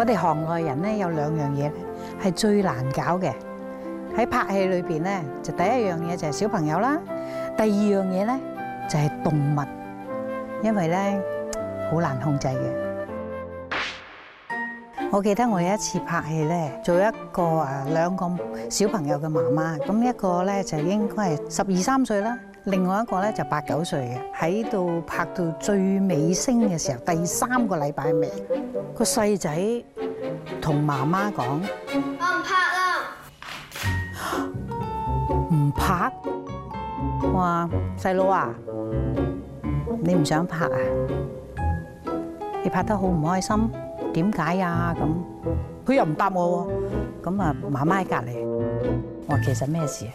我哋行內人咧有兩樣嘢咧，係最難搞嘅。喺拍戲裏邊咧，就第一樣嘢就係小朋友啦，第二樣嘢咧就係動物，因為咧好難控制嘅。我記得我有一次拍戲咧，做一個誒兩個小朋友嘅媽媽，咁一個咧就應該係十二三歲啦。另外一個咧就八九歲嘅，喺度拍到最尾聲嘅時候，第三個禮拜尾，個細仔同媽媽講，我唔拍啦，唔拍。話細佬啊，你唔想拍啊？你拍得好唔開心，點解啊？咁佢又唔答我喎。咁啊，媽媽喺隔離，我話其實咩事啊？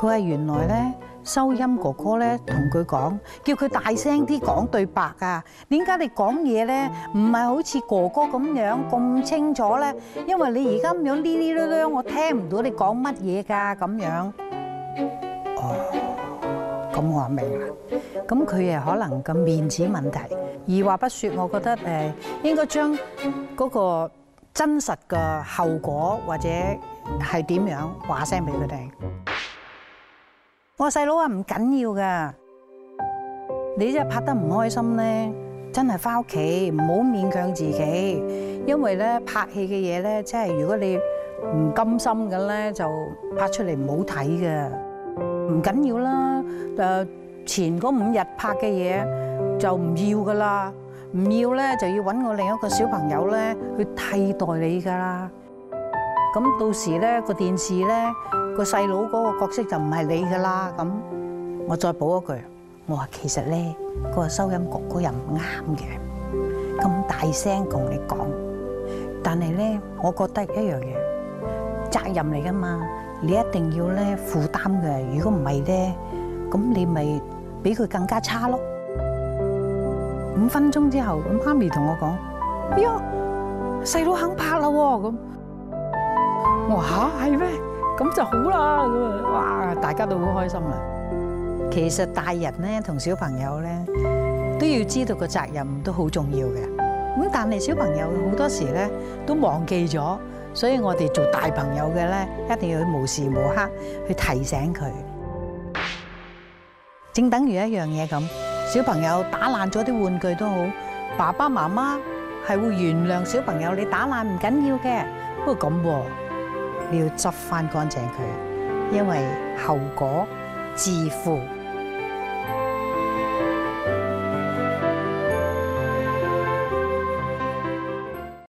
佢係原來咧，收音哥哥咧同佢講，叫佢大聲啲講對白啊！點解你講嘢咧唔係好似哥哥咁樣咁清楚咧？因為你而家咁樣呢呢嗰嗰，我聽唔到你講乜嘢㗎咁樣。哦，咁我明啦。咁佢誒可能個面子問題。二話不説，我覺得誒應該將嗰個真實嘅後果或者係點樣話聲俾佢哋。我細佬話唔緊要噶，你真係拍得唔開心咧，真係返屋企，唔好勉強自己，因為咧拍戲嘅嘢咧，即係如果你唔甘心嘅咧，就拍出嚟唔好睇嘅，唔緊要啦。誒前嗰五日拍嘅嘢就唔要噶啦，唔要咧就要搵我另一個小朋友咧去替代你噶啦。咁到時咧個電視咧個細佬嗰個角色就唔係你噶啦咁，我再補一句，我話其實咧個收音局嗰人唔啱嘅，咁大聲同你講，但係咧我覺得一樣嘢，責任嚟噶嘛，你一定要咧負擔嘅，如果唔係咧，咁你咪比佢更加差咯。五分鐘之後，媽咪同我講：，呀，細佬肯拍啦喎咁。哇係咩？咁就好啦！咁啊，哇，大家都好開心啦。其實大人咧同小朋友咧都要知道個責任都好重要嘅。咁但係小朋友好多時咧都忘記咗，所以我哋做大朋友嘅咧一定要無時無刻去提醒佢。正等於一樣嘢咁，小朋友打爛咗啲玩具都好，爸爸媽媽係會原諒小朋友你打爛唔緊要嘅。不過咁喎。你要執返乾淨佢，因為後果自負。